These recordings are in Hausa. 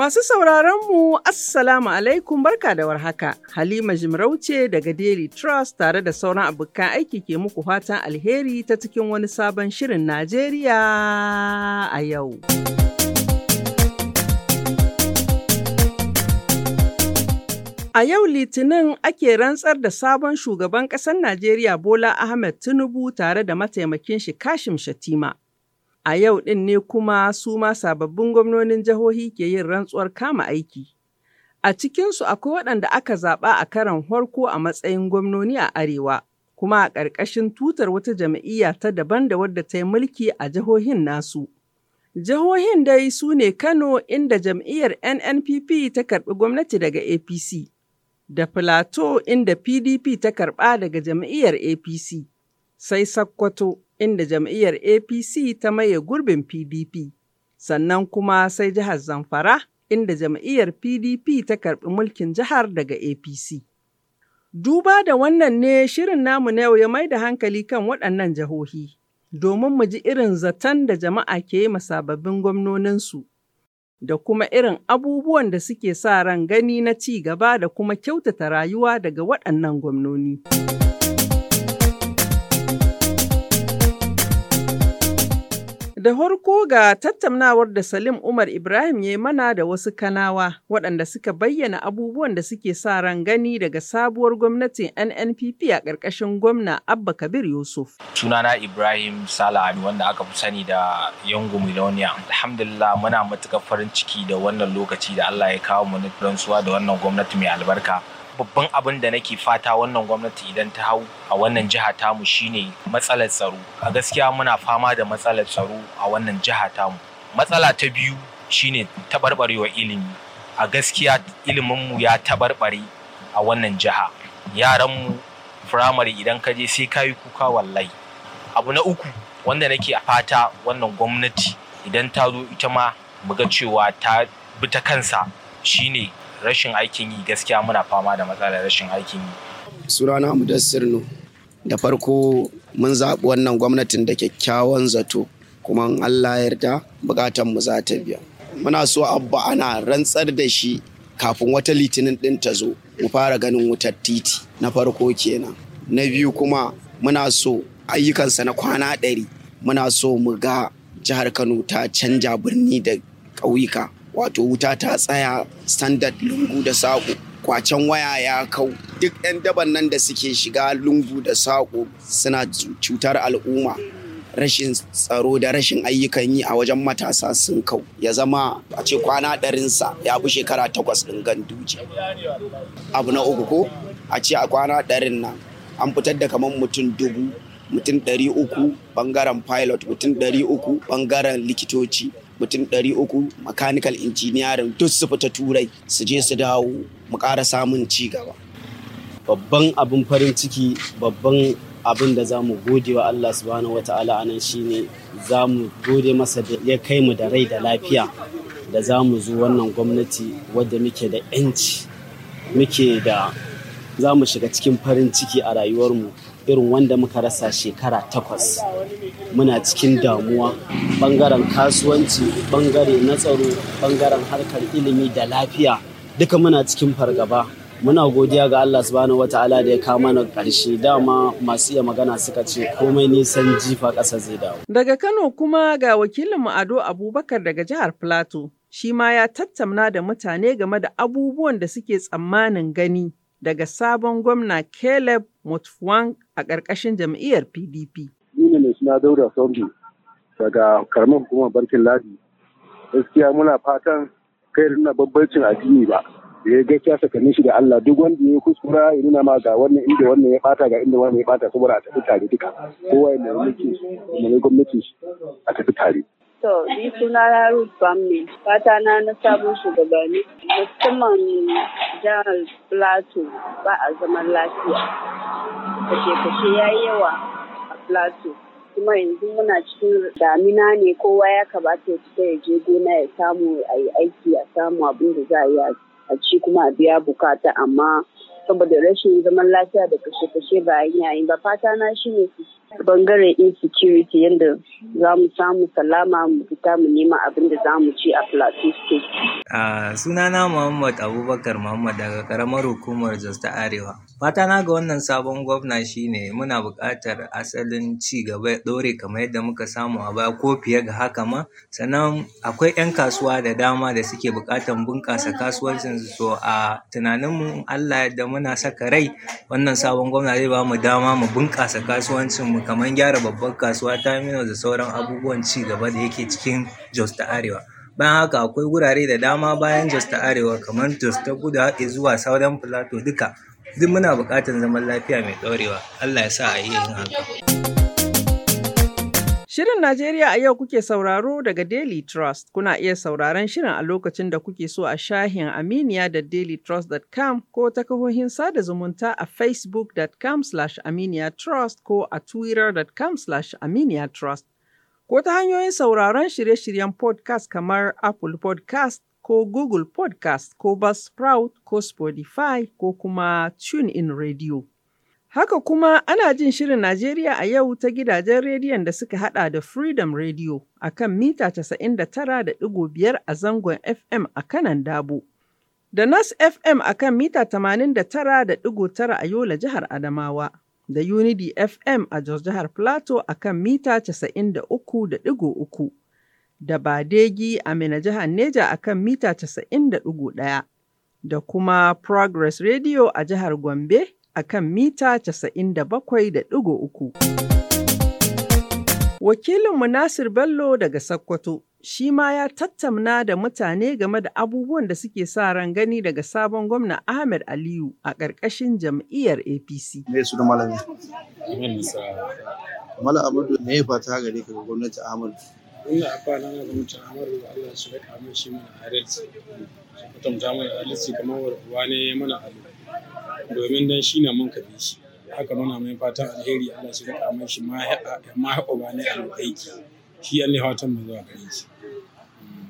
Masu sauraronmu, Assalamu alaikum barka da warhaka. Halima Jimarauce daga Daily Trust tare da sauran abokan aiki ke muku fatan alheri ta cikin wani sabon shirin Najeriya a yau. A yau Litinin ake rantsar da sabon shugaban ƙasar Najeriya Bola Ahmed Tinubu tare da mataimakin shi Kashim Shatima. A yau ɗin ne kuma su ma sababbin gwamnonin jihohi ke yin rantsuwar kama aiki. A cikinsu akwai waɗanda aka zaɓa a karan harko a matsayin gwamnoni a Arewa, kuma a ƙarƙashin tutar wata jam'iyya ta daban da wadda ta yi mulki a jihohin nasu. Jihohin dai su ne Kano inda jam'iyyar NNPP ta karɓi gwamnati daga APC, da Plateau, inda PDP ta karɓa daga jam'iyyar APC, sai Sakkwato inda jam'iyyar APC ta maye gurbin PDP, sannan kuma sai jihar Zamfara, inda jam'iyyar PDP ta karɓi mulkin jihar daga APC. Duba da wannan ne shirin namu na yau ya mai da hankali kan waɗannan jihohi, domin mu ji irin zaton da jama'a ke yi sababbin gwamnoninsu, da kuma irin abubuwan da suke sa ran gani na ci gaba da kuma kyautata rayuwa daga waɗannan gwamnoni. Da harko ga tattaunawar da Salim Umar Ibrahim ya yi mana da wasu kanawa waɗanda suka bayyana abubuwan da suke sa ran gani daga sabuwar gwamnatin NNPP a ƙarƙashin gwamna Abba Kabir Yusuf. Sunana Ibrahim ami wanda aka fi sani da Yungu Miloniya. Alhamdulillah muna matuƙar farin ciki da wannan lokaci da Allah ya kawo mu rantsuwa da wannan gwamnati mai albarka. babban abin da nake fata wannan gwamnati idan ta hau a wannan jiha tamu shine matsalar tsaro a gaskiya muna fama da matsalar tsaro a wannan jiha tamu matsala ta biyu shine taɓarɓarewa ilimi a gaskiya iliminmu ya taɓarɓare a wannan jiha Yaran mu firamare idan ka je sai ka yi kuka wallahi abu na uku wanda nake fata wannan gwamnati idan ta zo ita ma muga cewa ta bi ta kansa shine rashin aikin yi gaskiya muna fama da matsalar rashin aikin yi sunana mudassir no da farko mun zaɓi wannan gwamnatin da kyakkyawan zato kuma allah yarda bukatan mu za ta biya muna so abba ana rantsar da shi kafin wata litinin ɗin ta zo mu fara ganin wutar titi na farko kenan na biyu kuma muna so ayyukansa na kwana ɗari muna so mu ga jihar kano ta canja birni da ƙauyuka wato wuta ta tsaya standard lungu da saƙo kwacen waya ya kau duk 'yan daban nan da suke shiga lungu da saƙo suna cutar al'umma rashin tsaro da rashin ayyukan yi a wajen matasa sun kau ya zama a ce kwana ɗarinsa ya fi shekara takwas ɗin ganduje abu na uku ko a ce a kwana ɗarin nan an fitar da kamar mutum dubu mutum ɗari uku ɓangaren pilot mutum ɗari uku ɓangaren likitoci mutum ɗari uku mechanical engineering duk su fita turai su je su dawo mu ƙara samun ci gaba babban abin farin ciki babban abin da za mu gode wa Allah subhanahu wa ta'ala anan shi ne, za mu gode masa da ya kai mu da rai da lafiya da za mu zo wannan gwamnati wadda muke da 'yanci muke da za mu shiga cikin farin ciki a rayuwarmu irin wanda muka rasa shekara takwas muna cikin damuwa bangaren kasuwanci bangare na tsaro bangaren harkar ilimi da lafiya duka muna cikin fargaba muna godiya ga Allah su wata ala da ya kama na ƙarshe dama masu iya magana suka ce komai nisan jifa ƙasa zai dawo. Daga Kano kuma ga wakilin mu Ado Abubakar daga jihar Plateau shi ma ya tattauna da mutane game da abubuwan da suke tsammanin gani daga sabon gwamna Caleb Mutfwang a ƙarƙashin jam'iyyar PDP. Ni ne mai suna Dauda Sambi daga karamin hukumar Barkin Ladi. Gaskiya muna fatan kai da nuna babbancin addini ba. Da ya gaskiya sakanin shi da Allah duk wanda ya kuskura ya nuna ma ga wannan inda wannan ya ɓata, ga inda wannan ya ɓata saboda a tafi tare duka. Kowa ya nemi mulki, mai gwamnati a tafi tare. To, ni suna na Ruth Bamne, fata na na sabon shugabanni, musamman jihar Plateau ba a zaman lafiya. Kashe-kashe ya yi yawa a Plateau. kuma yanzu muna cikin damina ne kowa ya kamata ya ya je gona ya samu a yi aiki a samu abin da za a yi a ci kuma a biya bukata amma saboda rashin zaman lafiya da kashe-kashe ba yayin ba fata na shine su bangaren insecurity yadda za mu samu salama mu fita mu nema abin da za mu ci a plateau state. a sunana muhammad abubakar muhammad daga karamar hukumar jos ta arewa fata na ga wannan sabon gwamna shine muna buƙatar asalin ci gaba ɗore kamar yadda muka samu a baya ko fiye ga haka ma sannan akwai 'yan kasuwa da dama da suke buƙatar bunƙasa kasuwancin so a tunaninmu allah da muna saka rai wannan sabon gwamna zai ba mu dama mu bunƙasa mu. Kaman gyara babban kasuwa terminus da sauran abubuwan ci gaba da yake cikin Jos ta Arewa. Bayan haka akwai wurare da dama bayan Jos ta Arewa kamar Jos ta Kudu har zuwa Southern Plateau duka duk muna buƙatar zaman lafiya mai ɗorewa. Allah ya sa a yi yin haka. Shirin Najeriya a yau kuke sauraro daga Daily Trust. Kuna iya sauraron shirin a lokacin da kuke so a shahin Aminiya da dailytrust.com ko ta kahohin sada zumunta a facebook.com slash aminiyatrust ko a twitter.com slash aminiyatrust. Ko ta hanyoyin sauraron shirye-shiryen podcast kamar Apple podcast ko Google podcast ko Buzzsprout ko Spotify ko kuma TuneIn Radio. Haka kuma ana jin Shirin Najeriya a yau ta gidajen rediyon da suka hada da Freedom Radio a kan mita 99.5 a zangon FM a kanan Dabo, da Nas FM a kan mita 89.9 a Yola jihar Adamawa, da Unity FM a Jos jihar Plateau a kan mita 93.3, da Badegi a Mina jihar Neja a kan mita 91.1. da kuma Progress Radio a jihar Gombe. a kan mita 97.3. Wakilinmu Nasir Bello daga Sokoto shi ma ya tattauna da mutane game da abubuwan da suke sa ran gani daga sabon gwamna Ahmed Aliyu a ƙarƙashin jam'iyyar APC. Me su da malami? Mala Abudu me ya fata gare ka gwamnati Ahmed ina amfana na da mutum Ahmed da Allah shi rika kama shi mana adalci mutum ta mana adalci kamar wani mana adalci domin dan shi na mun ka bi shi haka muna mai fatan alheri Allah shi rika mai shi ma uba ne a aiki shi Allah hatan mu zuwa gare shi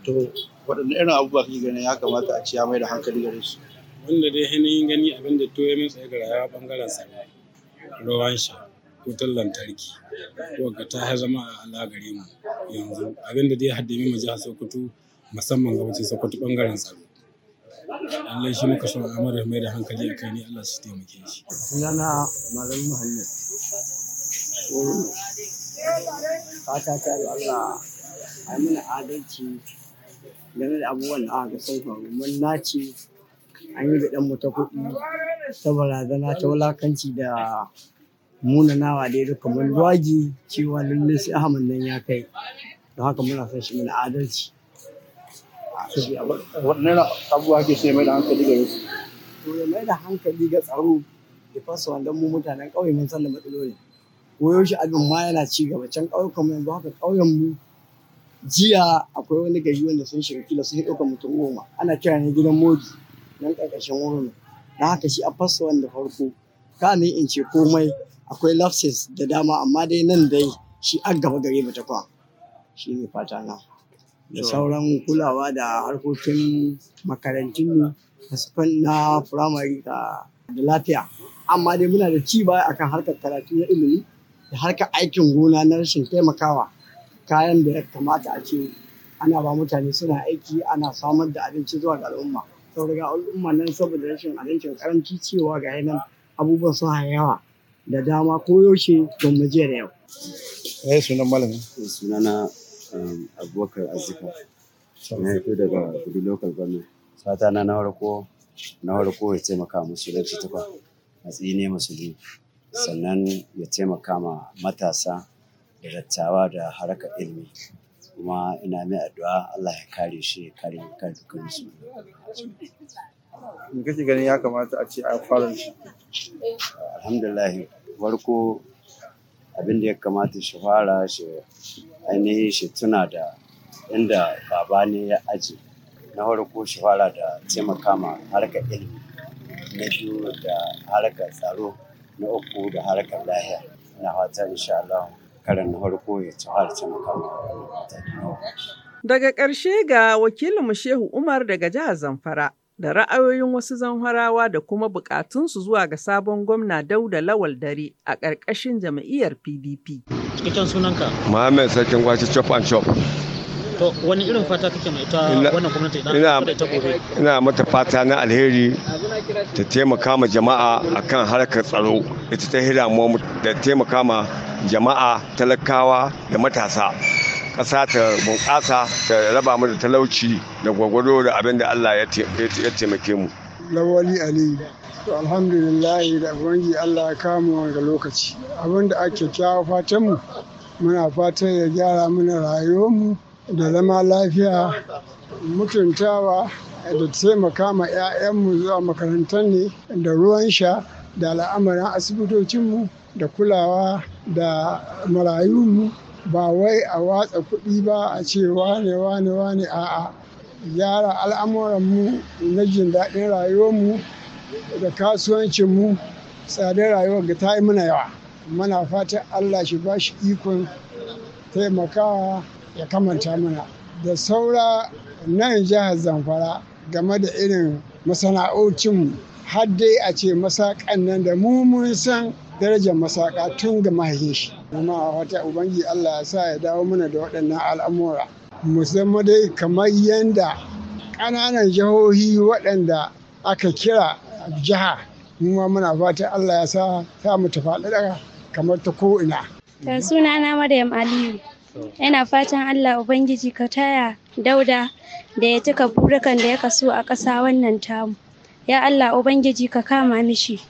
to waɗanne irin abubuwa kake ganin ya kamata a ciya mai da hankali gare su wanda dai hanayin gani abin da to ya min tsaye ga rayuwa bangaren sa ruwan sha wutar lantarki wadda ta zama a ala gare mu yanzu abin da dai haddami mu jihar Sokoto musamman ga wucin Sokoto bangaren tsaro Allah shi muka son amara mai da hankali a kai ne Allah su taimake shi sunana malam muhammad fata ta yi Allah a mana adalci game da abubuwan da aka sun faru mun naci an yi gaɗan mu ta kuɗi ta barazana ta wulakanci da munanawa da ya kamar luwaji cewa lallai sai ahmad nan ya kai don haka muna son shi mana adalci waɗannan abubuwa ke sai mai da hankali ga su to ya mai da hankali ga tsaro da fasa wanda mu mutanen ƙauye mun san da matsaloli koyo abin ma yana ci gaba can ƙauyukan mu yanzu haka ƙauyen mu jiya akwai wani gari wanda sun shiga kila sun ɗauka mutum goma ana kira ne gidan moji nan ƙarƙashin wurin na haka shi a fasa wanda farko kanin in ce komai akwai lapses da dama amma dai nan dai shi an gaba gare mu ta kwa shi ne fata na da sauran kulawa da harkokin makarantun na firamare da lafiya amma dai muna da ci baya akan harkar karatu na ilimi da harkar aikin gona na rashin taimakawa kayan da ya kamata a ce ana ba mutane suna aiki ana samar da abinci zuwa ga al'umma sau ga al'umma nan saboda rashin abincin karanci cewa ga yanan abubuwan su yawa da dama ko yaushe don mu je da yau. Eh sunan malami. Eh, sunana Um, abubakar azzika na fito daga gudu local government fata na na na harko ya taimaka musulunci tukwa a tsine musulmi sannan ya taimaka ma matasa da dattawa da harkar ilimi kuma ina mai addu'a Allah ya kare shi ya kare mu kan dukkan su me kake ganin ya kamata a ce a fara shi alhamdulillah warko abin da ya kamata shi fara shi ainihin shi tuna da inda baba ne ya aji na farko shi fara da taimaka ma harkar ilimi na biyu da harkar tsaro na uku da harkar lahiya na fata insha Allah karan na farko ya ci fara taimaka ma Daga ƙarshe ga wakilinmu Shehu Umar daga jihar Zamfara. da ra'ayoyin wasu zanharawa da kuma bukatunsu zuwa ga sabon gwamna Dauda Lawal Dare a ƙarƙashin jam'iyyar PDP. Cikakken sunanka? Muhammad Sarkin Gwaci Chop and Chop. To wani irin fata kake mai ta wannan gwamnati idan ta gobe? Ina mata fata na alheri ta taimaka ma jama'a akan harkar tsaro ita ta hira mu da taimaka ma jama'a talakawa da matasa. ƙasa ta bunƙasa ta raba mu da talauci da gwagwado da abin da Allah ya taimake mu. Lawali Ali to alhamdulillah da ubangi Allah ya kama ga lokaci abin da ake kyawa fatan mu muna fatan ya gyara mana mu da zama lafiya mutuntawa da taimaka ma 'ya'yanmu zuwa makarantar ne da ruwan sha da al'amarin asibitocinmu da kulawa da marayunmu ba wai a watsa kuɗi ba a ce wane wane wane a'a gyara al'amuranmu na jin daɗin rayuwarmu da kasuwancinmu tsadar rayuwar ga ta yi muna yawa muna fatan allah shi ba shi ikon taimakawa ya kamanta mana da saura nan jihar zamfara game da irin masana'ocinmu har dai a ce masakan nan da mu mun san darajar masaka tun ga mahaifin shi kuma a wata ubangi Allah ya sa ya dawo mana da waɗannan al'amura musamman dai kamar yadda ƙananan jihohi waɗanda aka kira jiha ma muna fatan. Allah ya sa ta mu daga kamar ta ko'ina. ta suna na Maryam Aliyu yana fatan Allah Ubangiji ka taya dauda da ya cika burukan da ya kaso a ƙasa wannan tamu. Ya Allah Ubangiji ka kama mishi.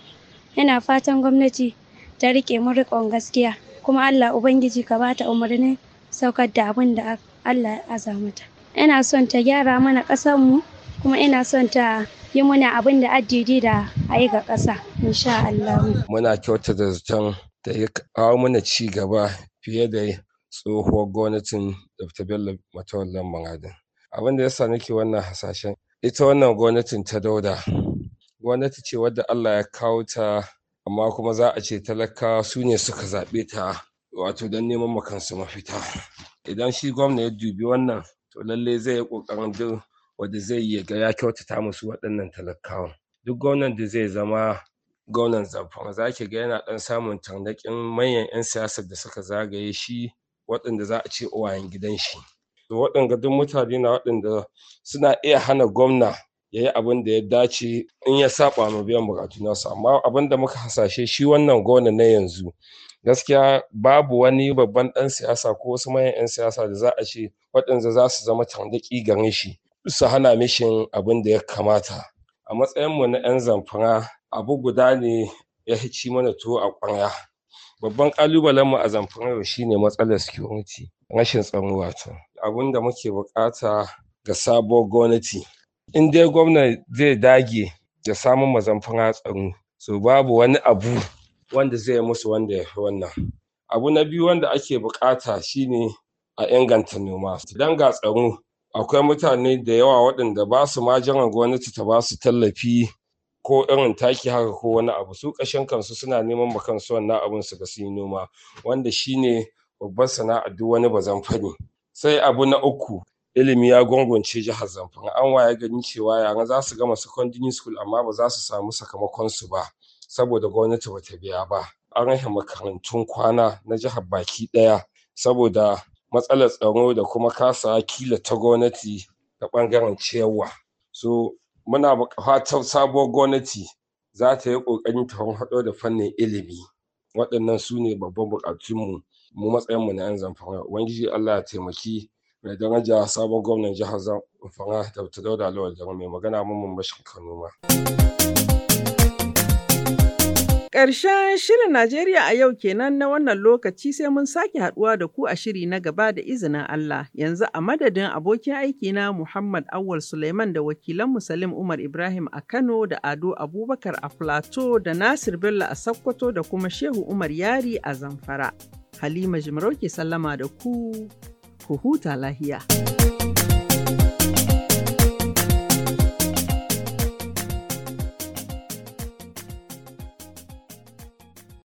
Yana fatan gwamnati ta riƙe mu riƙon gaskiya kuma Allah Ubangiji ka bata umarnin saukar da abin da Allah ya aza mata ina son ta gyara mana mu kuma ina son ta yi mana abin da addidi da a ga ƙasa insha Allah muna kyautata zaton da ya kawo mana ci gaba fiye da tsohuwar gwamnatin Dr. Bello Matawallan Mangadin. Abin da ya sa nake wannan hasashen, ita wannan gwamnatin ta dauda, gwamnati ce wadda Allah ya kawo ta amma kuma za a ce talakawa su ne suka zaɓe ta wato don neman makansu mafita idan shi gwamna ya dubi wannan to lallai zai yi ƙoƙarin duk wanda zai yi ga ya kyautata musu waɗannan talakawan duk gwamnan da zai zama gwamnan zamfara za ki ga yana ɗan samun tarnaƙin manyan 'yan siyasar da suka zagaye shi waɗanda za a ce uwayen gidan shi to waɗanda duk mutane na waɗanda suna iya hana gwamna ya yi abin da ya dace in ya saba ma biyan bukatu nasu amma abin da muka hasashe shi wannan gona na yanzu gaskiya babu wani babban ɗan siyasa ko wasu manyan 'yan siyasa da za a ce waɗanda za su zama tandaki garin shi su hana mishin abin da ya kamata a matsayin mu na 'yan zamfara abu guda ne ya ci mana tuwo a ƙwaya babban kalubalen mu a zamfara shine matsalar security rashin tsaro wato abin da muke bukata ga sabuwar gwamnati in dai gwamna zai dage da samun mazamfara tsaro so babu wani abu wanda zai yi musu wanda ya fi wannan abu na biyu wanda ake bukata shine a inganta noma idan ga tsaro akwai mutane da yawa waɗanda ba su ma jiran gwamnati ta ba su tallafi ko irin taki haka ko wani abu su ƙashin kansu suna neman ma kansu wannan abun su ga sun yi noma wanda shine babbar sana'a duk wani ne sai abu na uku Ilimi ya gungunce jihar Zamfara, an waya ganin cewa yara za su gama secondary school amma ba za su samu sakamakonsu ba saboda gwamnati bata biya ba. An rahe makarantun kwana na jihar baki daya saboda matsalar tsaro da kuma kasa kila ta gwamnati ta bangaren ciyarwa. So muna buƙatar sabuwar gwamnati za ta yi ƙoƙarin ta hado da fannin ilimi. Waɗannan su ne babban buƙatunmu mu matsayinmu na 'yan Zamfara. Ubangiji Allah ya taimaki mai daraja sabon gwamnan jihar zamfara da dauda lawal da mai magana mun bashin ma. Ƙarshen shirin Najeriya a yau kenan na wannan lokaci sai mun sake haduwa da ku a shiri na gaba da izinin Allah. Yanzu a madadin abokin aiki na Muhammad Awal Suleiman da wakilan Musalim Umar Ibrahim a Kano da Ado Abubakar a Plateau da Nasir Bello a Sokoto da kuma Shehu Umar Yari a Zamfara. Halima Jimarau ke sallama da ku ku huta lahiya.